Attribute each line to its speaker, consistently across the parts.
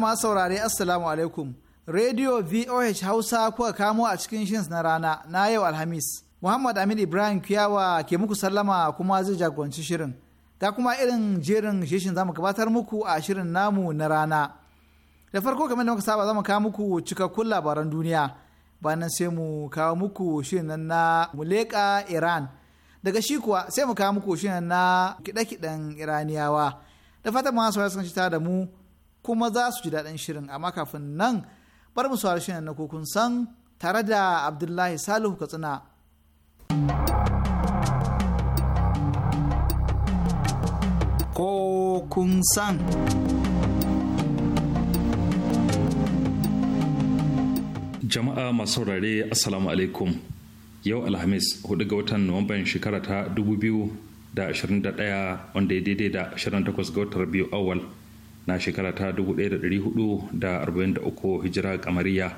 Speaker 1: masu saurare assalamu alaikum radio voh hausa kuka kamo a cikin shins na rana na yau alhamis muhammad amin ibrahim kiyawa ke muku sallama kuma zai jagoranci shirin ga kuma irin jerin shishin zamu gabatar muku a shirin namu na rana da farko kamar da muka saba zamu kawo muku cikakkun labaran duniya bayan sai mu kawo muku shirin na muleka iran daga shi kuwa sai mu kawo muku shirin na kiɗe-kiɗen iraniyawa da fatan masu sun ci da mu kuma za su ji daɗin shirin amma kafin nan bar mu saurari shirin na kun san tare da abdullahi salihu katsina ko san
Speaker 2: jama'a masu saurare assalamu alaikum yau alhamis 4 ga watan nuwamban shekara ta 2021 wanda ya daidai da 28 ga watan biyu awal na shekara ta 1443 hijira kamariya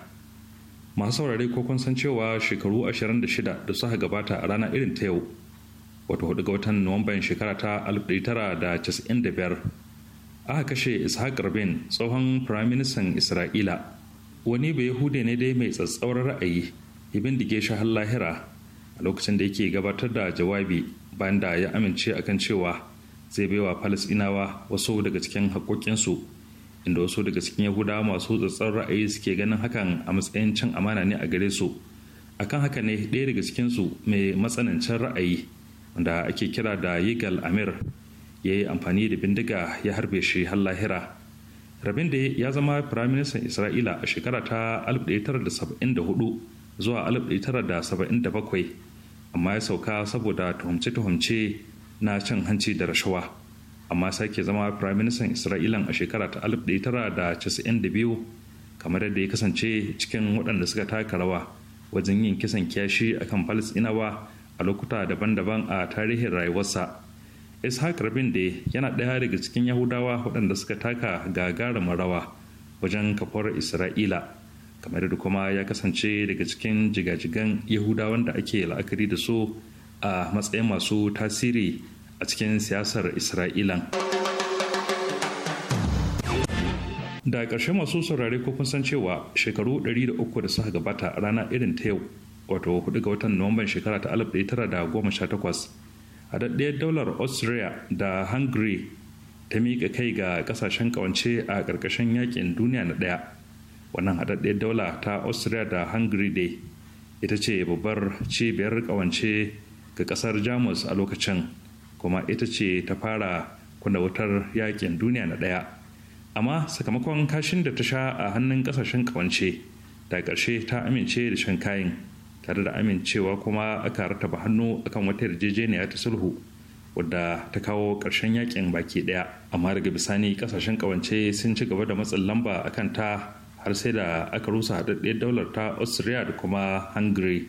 Speaker 2: masu saurare ko kun san cewa shekaru 26 da suka gabata a rana irin ta yau wato hudu ga watan nuwamban shekara ta 1995 aka kashe ishaq rabin tsohon firaministan isra'ila wani bai yahude ne dai mai tsatsauran ra'ayi ya bindige shi har lahira a lokacin da yake gabatar da jawabi bayan da ya amince akan cewa zai baiwa falasinawa wasu daga cikin haƙoƙinsu inda wasu daga cikin yahudawa masu tsatsar ra'ayi suke ganin hakan a matsayin cin amana ne a gare su akan haka ne ɗaya daga cikinsu mai matsanancin ra'ayi wanda ake kira da yigal amir ya yi amfani da bindiga ya harbe shi har lahira rabin da ya zama firaministan isra'ila a shekara ta 1974 zuwa 1977 amma ya sauka saboda tuhumce-tuhumce na cin hanci da rashawa amma sake zama prime minister isra'ilan a shekara ta 1992 kamar yadda ya kasance cikin waɗanda suka taka rawa wajen yin kisan kyashi kan falasɗinawa a lokuta daban-daban a tarihin rayuwarsa ishaq rabin da yana ɗaya daga cikin yahudawa waɗanda suka taka gagarumin rawa wajen kafar isra'ila kamar da kuma ya kasance daga cikin jigajigan yahudawan da ake la'akari da su a matsayin masu tasiri a cikin siyasar isra'ilan da ƙarshe masu saurare ko kun san cewa shekaru 300 da suka gabata rana irin ta yau wato 4 ga watan nuwamban shekara ta 1918 haɗaɗɗiyar daular austria da hungary ta miƙa kai ga ƙasashen ƙawance a ƙarƙashin yaƙin duniya na ɗaya wannan haɗaɗɗiyar daula ta austria da hungary dai ita ce babbar cibiyar ƙawance ga ƙasar jamus a lokacin kuma ita ce ta fara kunna wutar yakin duniya na ɗaya amma sakamakon kashin da ta sha a hannun ƙasashen ƙawance ta ƙarshe ta amince da shan kayan tare da amincewa kuma aka rataba hannu akan wata yarjejeniya ta sulhu wadda ta kawo ƙarshen yakin baki ɗaya amma daga bisani ƙasashen ƙawance sun ci gaba da matsin lamba akan ta har sai da aka rusa haɗaɗɗiyar daular ta austria da kuma hungary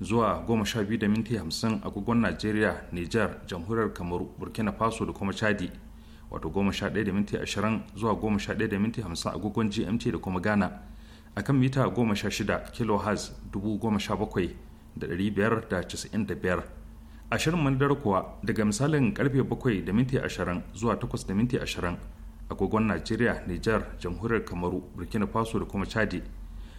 Speaker 2: zuwa goma sha biyu da minti agogon najeriya niger jamhuriyar kamaru burkina faso da kuma chadi wato goma sha ɗaya da zuwa goma sha ɗaya agogon gmt da kuma ghana a kan mita goma sha shida kilohertz dubu goma sha bakwai da da da biyar ashirin manadar kuwa daga misalin karfe bakwai da minti ashirin zuwa takwas da minti ashirin agogon najeriya niger jamhuriyar kamaru burkina faso da kuma chadi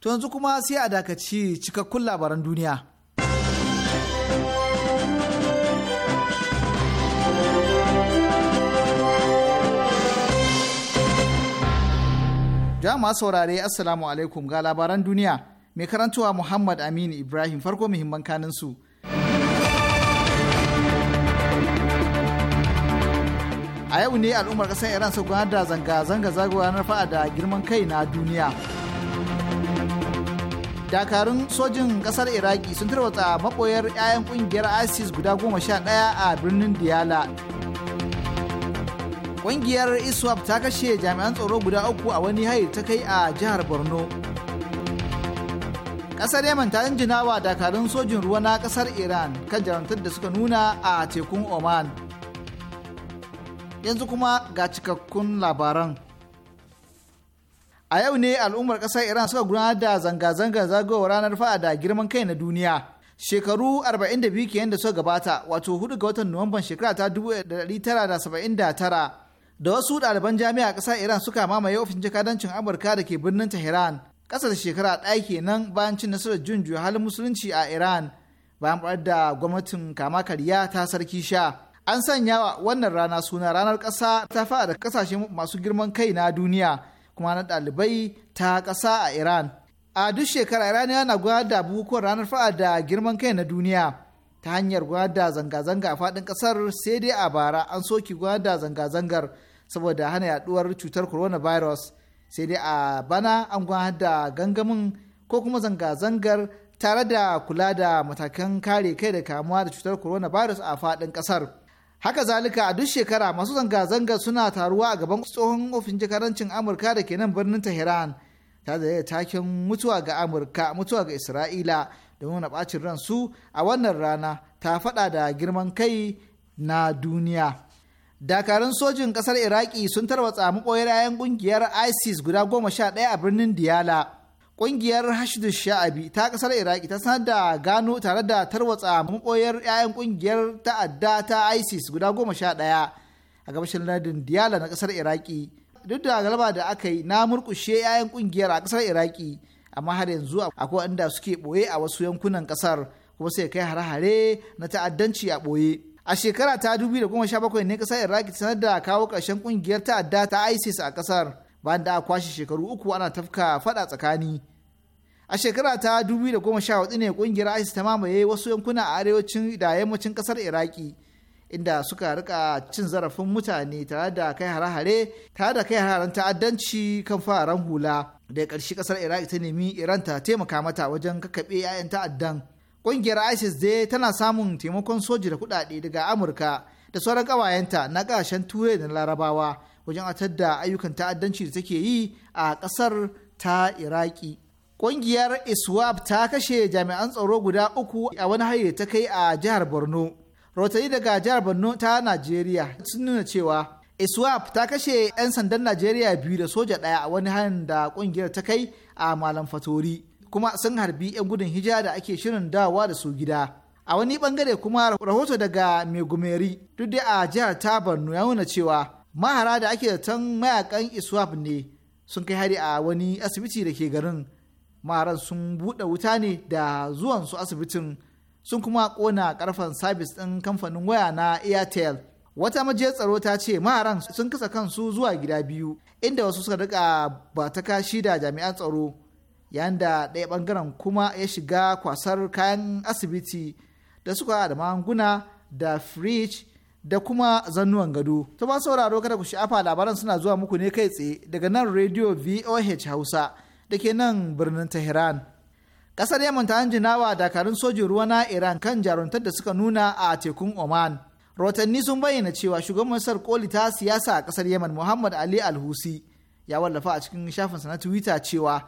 Speaker 1: To yanzu kuma sai a dakaci cikakkun labaran duniya. Jama'a saurare Assalamu alaikum ga labaran duniya mai karantuwa Muhammad Aminu Ibrahim farko muhimman kanin su. A yau ne al'ummar ƙasar Iran su gudanar da zanga-zanga zagoya na fa'a da girman kai na duniya. dakarun sojin kasar iraki sun tarwatsa maboyar 'ya'yan kungiyar isis guda goma sha ɗaya a birnin diyala kungiyar iswap ta kashe jami'an tsaro guda uku a wani hayi ta kai a jihar borno kasar yaman ta injina wa dakarun sojin ruwa na kasar iran kan jarantar da suka nuna a tekun oman yanzu kuma ga cikakkun labaran a yau ne al'ummar ƙasar iran suka gudanar da zanga-zangar zagayowar ranar fa'a da girman kai na duniya shekaru 42 kenan da suka gabata wato 4 ga watan nuwamban shekara ta 1979 da wasu ɗaliban jami'a ƙasar iran suka mamaye ofishin jakadancin amurka da ke birnin tehran ƙasa da shekara ɗaya kenan bayan cin nasarar jin halin musulunci a iran bayan ɓar da gwamnatin kama karya ta sarki sha an sanya wannan rana suna ranar ƙasa ta fa'a da ƙasashe masu girman kai na duniya kuma na ɗalibai ta ƙasa a Iran. A duk shekara Iran yana gwada da bukukuwan ranar fa'a da girman kai na duniya ta hanyar gwada da zanga-zanga a faɗin ƙasar sai dai a bara an soki gwada zanga-zangar saboda hana yaɗuwar cutar coronavirus sai dai a bana an gwada da gangamin ko kuma zanga-zangar tare da kula da matakan kare kai da kamuwa da cutar coronavirus a faɗin ƙasar. haka zalika a duk shekara masu zanga-zanga suna taruwa a gaban tsohon ofin jikarancin amurka da ke nan birnin tehran ta da takin mutuwa ga amurka mutuwa ga isra'ila da na ran ransu a wannan rana ta fada da girman kai na duniya dakarun sojin kasar iraki sun tarwatsa maɓoyar 'ya'yan kungiyar isis guda goma sha daya a birnin diyala Ƙungiyar Hashidu Sha'abi ta ƙasar Iraki ta sanar da gano tare da tarwatsa maɓoyar 'ya'yan ƙungiyar ta'adda ta ISIS guda goma sha ɗaya a gabashin lardin Diyala na ƙasar Iraki. Duk da galaba da aka yi na murƙushe 'ya'yan ƙungiyar a ƙasar Iraki amma har yanzu akwai wanda suke ɓoye a wasu yankunan ƙasar kuma sai kai hare-hare na ta'addanci a ɓoye. a shekara ta 2017 ne ƙasar iraki ta sanar da kawo ƙarshen ƙungiyar ta'adda ta isis a ƙasar. bayan da a kwashe shekaru uku ana tafka fada tsakani a shekara ta 2014 ne kungiyar isis ta mamaye wasu yankuna a arewacin da yammacin kasar iraki inda suka rika cin zarafin mutane tare da kai hare-hare tare da kai hararen ta'addanci kan fararen hula da karshe kasar iraki ta nemi iran ta taimaka mata wajen kakaɓe 'ya'yan ta'addan ƙungiyar isis dai tana samun taimakon soji da kuɗaɗe daga amurka da sauran ƙawayenta na kashen ture da larabawa wajen atar da ayyukan ta'addanci da take yi a ƙasar ta iraki ƙungiyar iswap ta kashe jami'an tsaro guda uku a wani hari ta kai a jihar borno rahotanni daga jihar borno ta najeriya sun nuna cewa iswap ta kashe 'yan sandan najeriya biyu da soja ɗaya a wani harin da ƙungiyar ta kai a malam fatori kuma sun harbi 'yan gudun hijira da ake shirin dawa da su gida a wani bangare kuma rahoto daga megumeri duk da a jihar ta borno ya nuna cewa mahara da ake da zaton mayakan iswaf ne sun kai hari a wani asibiti da ke garin maharan sun buɗe wuta ne da zuwansu asibitin sun kuma ƙona ƙarfen sabis ɗin kamfanin waya na airtel wata maje tsaro ta ce maharan sun kasa kansu zuwa gida biyu inda wasu suka rika ba ta kashi da jami'an tsaro yayin da ɗaya ɓangaren kuma ya shiga kwasar kayan asibiti da suka da magunguna da fridge da kuma zannuwan gado. To ba sauraro kada ku sha'afa labaran suna zuwa muku ne kai tsaye daga nan Rediyo VOH Hausa da ke nan birnin Tehran. Kasar Yaman ta jinawa dakarun sojin ruwa na Iran kan jaruntar da suka nuna a tekun Oman. Rotanni sun bayyana cewa shugaban Masar koli ta siyasa a kasar Yaman Muhammad Ali Alhusi ya wallafa a cikin shafinsa na Twitter cewa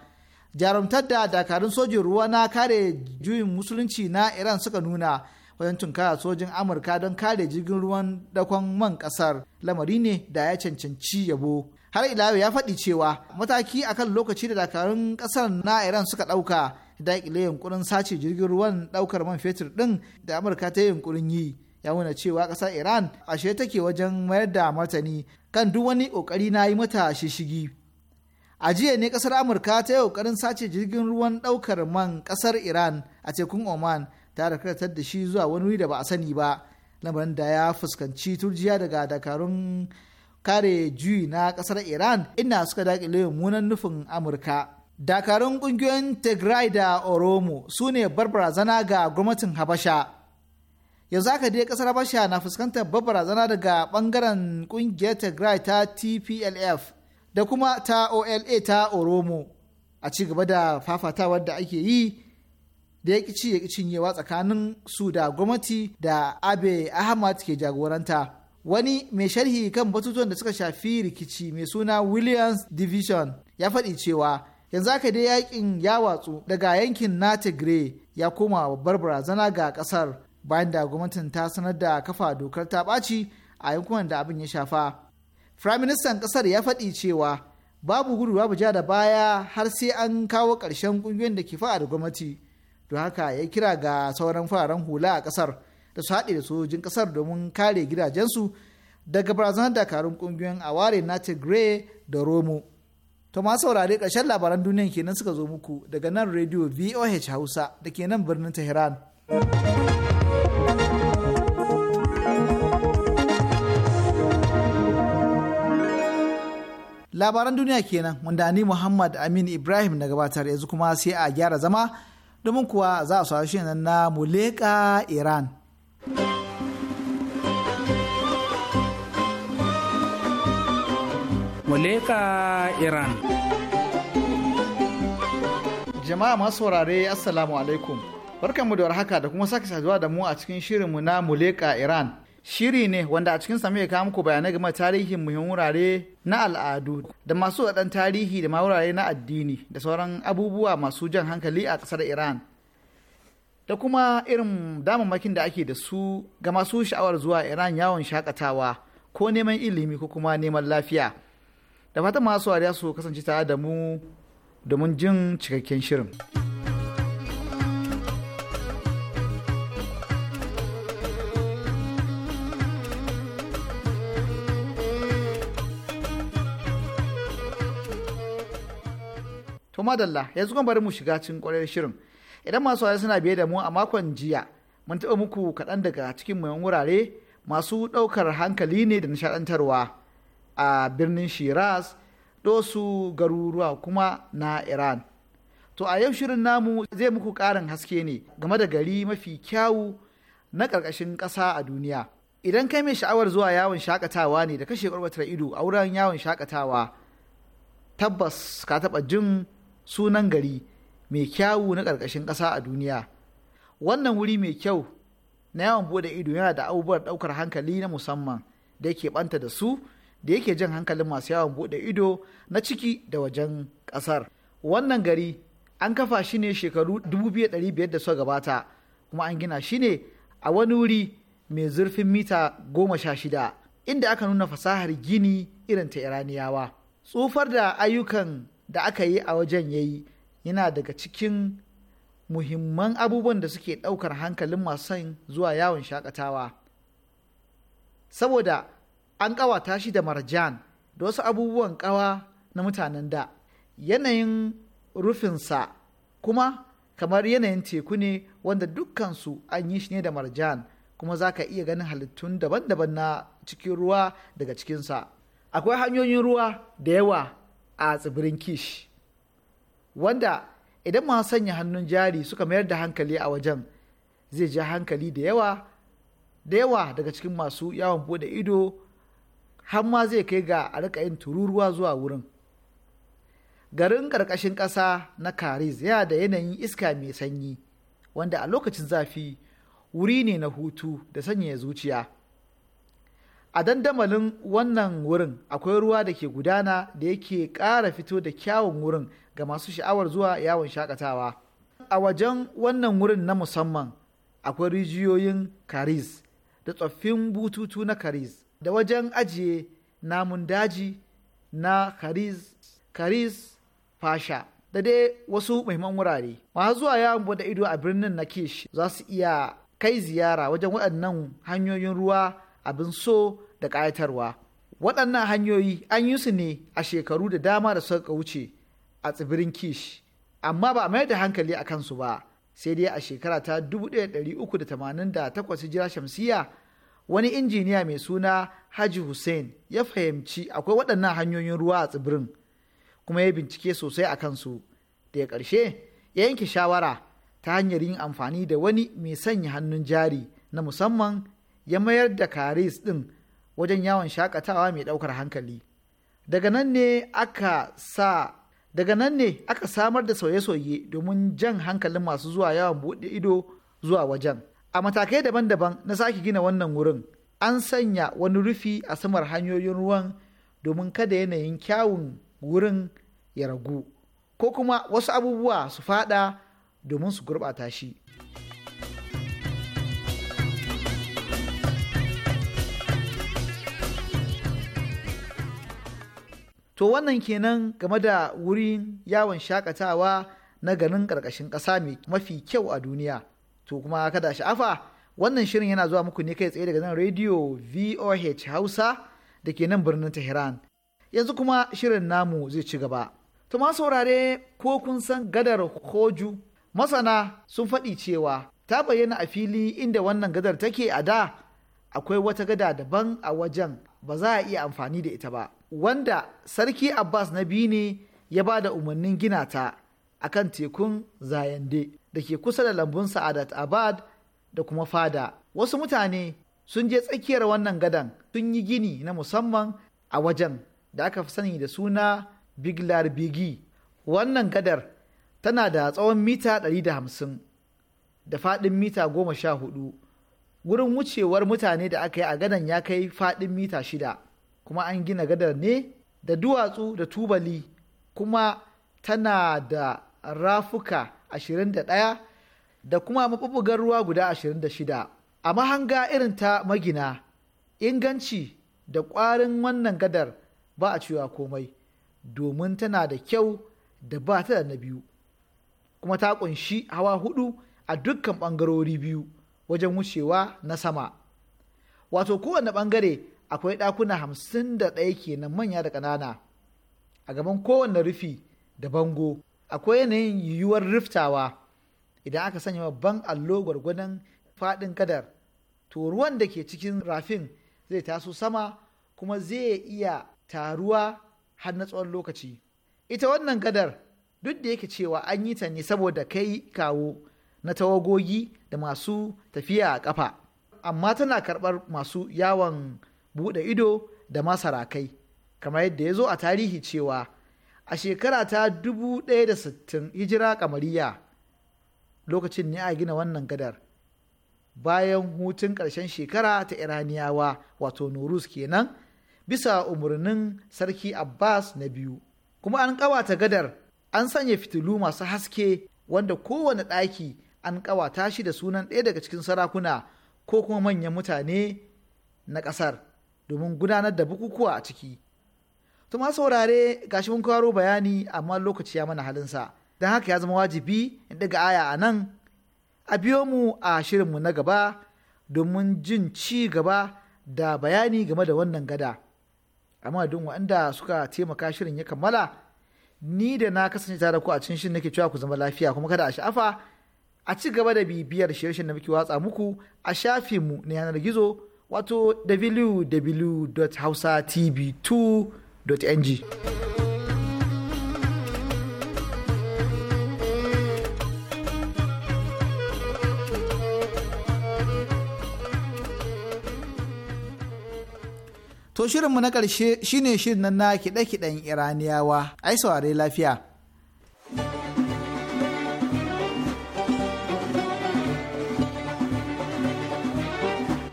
Speaker 1: jarumtar da dakarun sojin ruwa na kare juyin musulunci na Iran suka nuna wajen tunkara sojin amurka don kare jirgin ruwan dakon man kasar lamari ne da ya cancanci yabo har ila ya faɗi cewa mataki akan lokaci da dakarun kasar na iran suka ɗauka da ƙile yunkurin sace jirgin ruwan ɗaukar man fetur ɗin da amurka ta yunkurin yi ya nuna cewa ƙasar iran ashe take wajen mayar da martani kan duk wani kokari na yi mata shishigi a jiya ne ƙasar amurka ta yi ƙoƙarin sace jirgin ruwan ɗaukar man ƙasar iran a tekun oman ta karkatar da shi zuwa wani wuri da ba a sani ba lamarin da ya fuskanci turjiya daga dakarun kare juyi na kasar iran ina suka dakile munan nufin amurka dakarun kungiyoyin tigray da oromo su ne barbarazana ga gwamnatin habasha yanzu aka dai kasar habasha na fuskantar barbarazana daga bangaren kungiyar tigray ta tplf da kuma ta ola ta oromo a ci gaba da fafatawar da ake yi da ya ci ya cinyewa tsakanin su da gwamnati da abe ahmad ke jagoranta wani mai sharhi kan batutuwan da suka shafi rikici mai suna williams division ya faɗi cewa yanzu aka dai yakin ya watsu daga yankin na tigray ya koma babbar barazana ga kasar bayan da gwamnatin ta sanar da kafa dokar ta ɓaci a yankunan da abin ya shafa firaministan kasar ya faɗi cewa babu gudu babu ja da baya har sai an kawo ƙarshen ƙungiyoyin da ke fa'a da gwamnati don haka ya kira ga sauran fararen hula a kasar da su haɗe da sojojin kasar domin kare gidajensu daga barazanar dakarun kungiyoyin aware na tigray da romo to ma saurare ƙarshen labaran duniyan kenan suka zo muku daga nan rediyo voh hausa da ke nan birnin tehran labaran duniya kenan wanda ni muhammad amin ibrahim na gabatar yanzu kuma sai a gyara zama domin kuwa za a saurari nan na Muleka Iran. Muleka Iran. Jama'a masu wurare, Assalamu alaikum. Barkanmu da warhaka da kuma sake saduwa da mu a cikin mu na Muleka Iran. Shiri ne wanda a cikin sami ya kawo muku bayanai game tarihin muhimmin wurare na al'adu da masu waɗan tarihi da wurare na addini da sauran abubuwa masu jan hankali a ƙasar iran da kuma irin damammakin da ake da su ga masu sha'awar zuwa iran yawon shakatawa ko neman ilimi ko kuma neman lafiya da fatan masu wariya su kasance tare da mu domin jin cikakken shirin. to madalla yanzu kuma bari mu shiga cikin kwarar shirin idan masu wari suna biye da mu a makon jiya mun taɓa muku kaɗan daga cikin mayan wurare masu ɗaukar hankali ne da nishaɗantarwa a birnin shiraz da su garuruwa kuma na iran to a yau shirin namu zai muku ƙarin haske ne game da gari mafi kyawu na ƙarƙashin ƙasa a duniya idan kai mai sha'awar zuwa yawon shakatawa ne da kashe ƙwarƙwatar ido a wurin yawon shakatawa tabbas ka taɓa jin sunan gari mai kyawu na ƙarƙashin ƙasa a duniya wannan wuri mai kyau na yawan buɗe ido yana da abubuwan ɗaukar hankali na musamman da yake ɓanta da su da yake jan hankalin masu yawan buɗe ido na ciki da wajen ƙasar wannan gari an kafa shi ne shekaru 2500 da suka gabata kuma an gina shi ne a wani wuri mai zurfin mita goma sha shida inda aka nuna fasahar gini irin ta iraniyawa tsufar da ayyukan da aka yi a wajen ya yi yana daga cikin muhimman abubuwan da suke ɗaukar hankalin masu zuwa yawon shakatawa saboda an ƙawata shi da marjan da wasu abubuwan ƙawa na mutanen da yanayin rufinsa kuma kamar yanayin teku ne wanda dukkansu an yi shi ne da marjan kuma za ka iya ganin halittun daban-daban na cikin ruwa daga cikinsa akwai hanyoyin ruwa da yawa a tsibirin kish wanda idan masu sanya hannun jari suka mayar da hankali a wajen zai ja hankali da yawa da yawa daga cikin masu yawon bude ido har ma zai kai ga a rika yin tururuwa zuwa wurin garin ƙarƙashin ƙasa na Karis yana da yanayin iska mai sanyi wanda a lokacin zafi wuri ne na hutu da sanya zuciya a dandamalin wannan wurin akwai ruwa da ke gudana da yake ƙara fito da kyawun wurin ga masu sha'awar zuwa yawon shakatawa a wajen wannan wurin na musamman akwai rijiyoyin karis da tsoffin bututu na karis da wajen ajiye namun daji na karis karis fasha da dai wasu muhimman wurare masu zuwa yawon bude ido a birnin na kish za su iya kai ziyara wajen waɗannan hanyoyin ruwa abin so da ƙayatarwa waɗannan hanyoyi an yi su ne a shekaru da dama da suka wuce a tsibirin kish amma ba a mayar da hankali a kansu ba sai dai a shekara ta 1388 jira shamsiya wani injiniya mai suna haji hussein ya fahimci akwai waɗannan hanyoyin ruwa a tsibirin kuma ya bincike sosai a kansu Da ya ƙarshe ya yanke shawara ta hanyar yin amfani da wani mai sanya hannun jari na musamman ya mayar da Karis ɗin wajen yawon shakatawa mai ɗaukar hankali. Daga nan ne aka sa daga nan ne aka samar da sauye-sauye domin jan hankalin masu zuwa yawon buɗe ido zuwa wajen. A matakai daban-daban na sake gina wannan wurin, an sanya wani rufi a samar hanyoyin ruwan domin kada yanayin kyawun wurin ya ragu, ko kuma wasu abubuwa su fada domin su gurɓata shi. to wannan kenan game da wurin yawon shakatawa na garin karkashin ƙasa mafi kyau a duniya to kuma kada sha'afa wannan shirin yana zuwa muku ne kai tsaye daga nan rediyo voh hausa da ke nan birnin tehran yanzu kuma shirin namu zai ci gaba to ma saurare ko kun san gadar hoju masana sun faɗi cewa ta bayyana a fili inda wannan gadar take a da akwai wata gada daban a wajen ba za a iya amfani da ita ba wanda sarki abbas na biyu ne ya ba da umarnin gina ta a kan tekun zayande da ke kusa da lambun sa'adat abad da kuma fada wasu mutane sun je tsakiyar wannan gadan sun yi gini na musamman a wajen da aka fi sani da suna biglar bigi wannan gadar tana da tsawon mita 150 da faɗin mita 14 gurin wucewar mutane da aka yi a gadan ya kai faɗin mita shida. kuma an gina gadar ne da duwatsu da tubali kuma tana da rafuka 21 da kuma maɓuɓɓugar ruwa guda 26 a mahanga irin ta magina inganci da ƙwarin wannan gadar ba a cewa komai domin tana da kyau da ba ta da na biyu kuma ta ƙunshi hawa hudu a dukkan ɓangarori biyu wajen wucewa na sama wato kowane ɓangare akwai ɗakuna hamsin da ɗaya kenan manya da ƙanana a gaban kowane rufi da bango akwai yanayin yiwuwar riftawa idan aka sanya babban allo gwargwadon faɗin kadar to ruwan da ke cikin rafin zai taso sama kuma zai iya taruwa har na tsawon lokaci ita wannan gadar duk da yake cewa an yi ta ne saboda kai kawo na tawagogi da masu tafiya a ƙafa. amma tana karɓar masu yawon buɗe ido da masarakai kamar yadda ya zo a tarihi cewa a shekara ta 1060 hijira kamariya lokacin ne a gina wannan gadar bayan hutun ƙarshen shekara ta iraniyawa wato norus kenan bisa umarnin sarki abbas na biyu kuma an ƙawata gadar an sanya fitilu masu haske wanda kowane ɗaki an ƙawata shi da sunan ɗaya daga cikin sarakuna ko kuma manyan mutane na ƙasar domin gudanar da bukukuwa a ciki. Tuma saurare gashi mun kwaro bayani amma lokaci ya mana halin sa. don haka ya zama wajibi in daga aya a nan. A biyo mu a shirin mu na gaba domin jin ci gaba da bayani game da wannan gada. Amma don waɗanda suka taimaka shirin ya kammala, ni da na kasance tare ku a cikin shirin nake cewa ku zama lafiya kuma kada a sha'afa a ci gaba da bibiyar shirye-shiryen da muke watsa muku a shafin mu na yanar gizo wato www.hausatv2.ng To shirinmu na ƙarshe shine shirin na kiɗe-kiɗen Iraniyawa, ai saurari lafiya.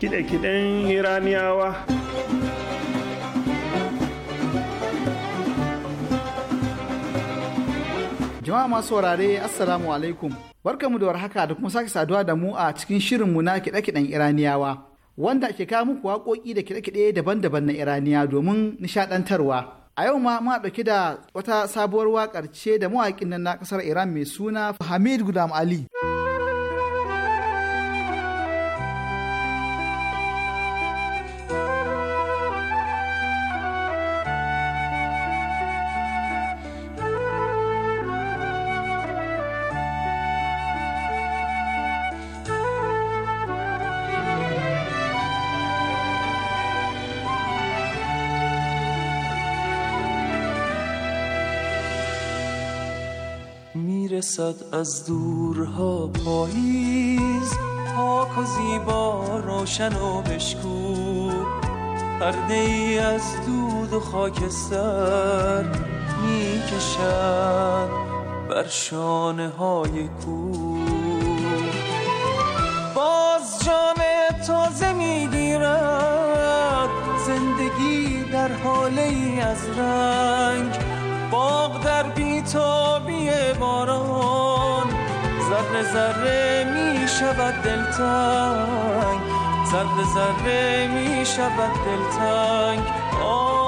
Speaker 2: kiɗe-kiɗen iraniyawa jama'a
Speaker 1: masu wurare assalamu alaikum mu da warhaka da kuma sake saduwa da mu a cikin shirin mu na kiɗe-kiɗen iraniyawa wanda ke kawo muku waƙoƙi da kiɗe-kiɗe daban-daban na iraniya domin nishaɗantarwa a yau ma muna ɗauke da wata sabuwar waƙar ce da mawaƙin nan na ƙasar iran mai suna hamid gudam ali.
Speaker 3: رسد از دورها پاییز پاک و زیبا روشن و بشکو پرده ای از دود و خاکستر میکشد بر شانه های کو باز جان تازه میگیرد زندگی در حاله ای از رنگ باغ در بیتابی باران ذره ذره می شود دلتنگ ذره ذره می شود دلتنگ آه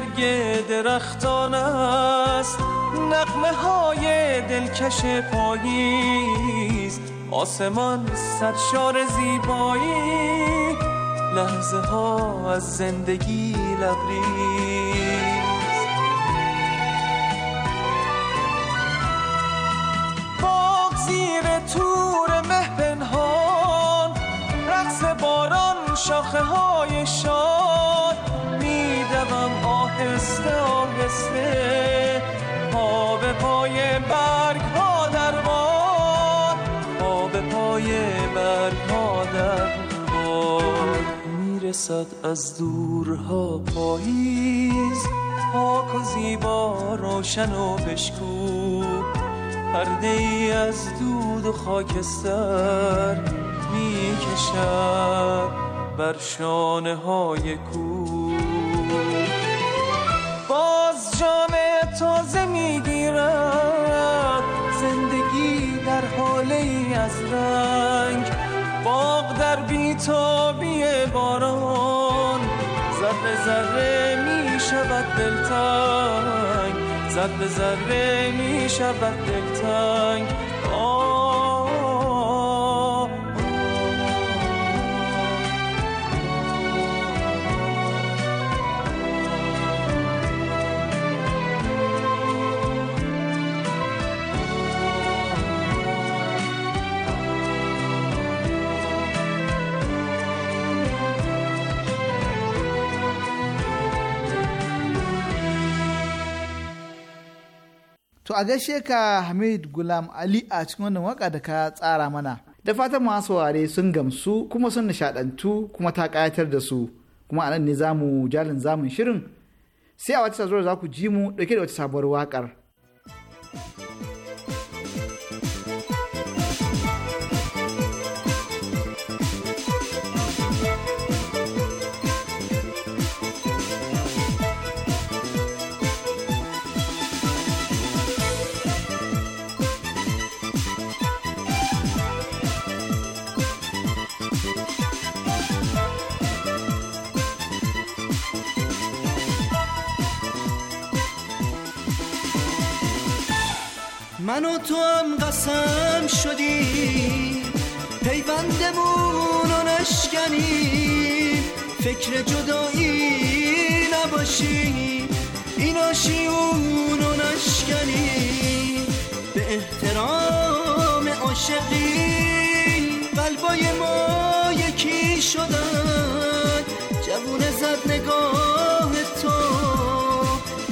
Speaker 3: برگ درختان است نقمه های دلکش پاییز آسمان سرشار زیبایی لحظه ها از زندگی لبریز باغ زیر تور رقص باران شاخه ها رسد از دورها پاییز پاک و زیبا روشن و بشکو پرده ای از دود و خاکستر میکشد بر شانه های کو باز جامعه تازه شود دلتنگ زد به ضربه می شود دلتنگ
Speaker 1: To a gaishe ka Hamid Gulam Ali a cikin wannan waka da ka tsara mana. Da fatan masu saurare sun gamsu kuma sun nishadantu kuma ta kayatar da su. Kuma anan ne za mu jalin zamun shirin. Sai a wata sazuwar za ku ji mu dauke da wata sabuwar waƙar?
Speaker 3: من و تو هم قسم شدی پیوندمون رو نشکنی فکر جدایی نباشی، این
Speaker 4: آشیون رو به احترام عاشقی قلبای ما یکی
Speaker 3: شدن جوون زد نگاه تو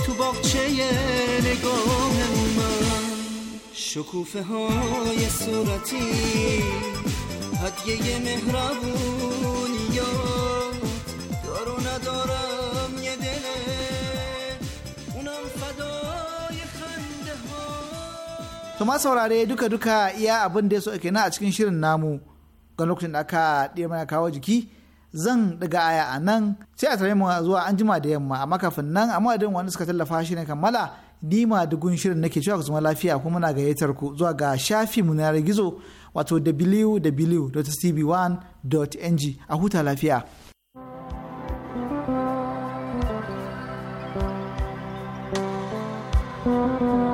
Speaker 3: تو باغچه نگاه
Speaker 4: شکوفه های
Speaker 3: صورتی هدیه مهربونی
Speaker 4: دارو ندارم یه دل اونم فدای
Speaker 1: خنده ها to ma saurare duka-duka iya abin da ya so ake na a cikin shirin namu ga lokacin da aka ɗaya mana kawo jiki zan daga aya a nan sai a tare mu zuwa an jima da yamma amma kafin nan amma da wani suka tallafa shi ne kammala Nima dugun shirin nake cewa ku zama lafiya kuma na gayyatar ku zuwa ga shafi mu na gizo wato www.tv1.ng a huta lafiya.
Speaker 4: thank you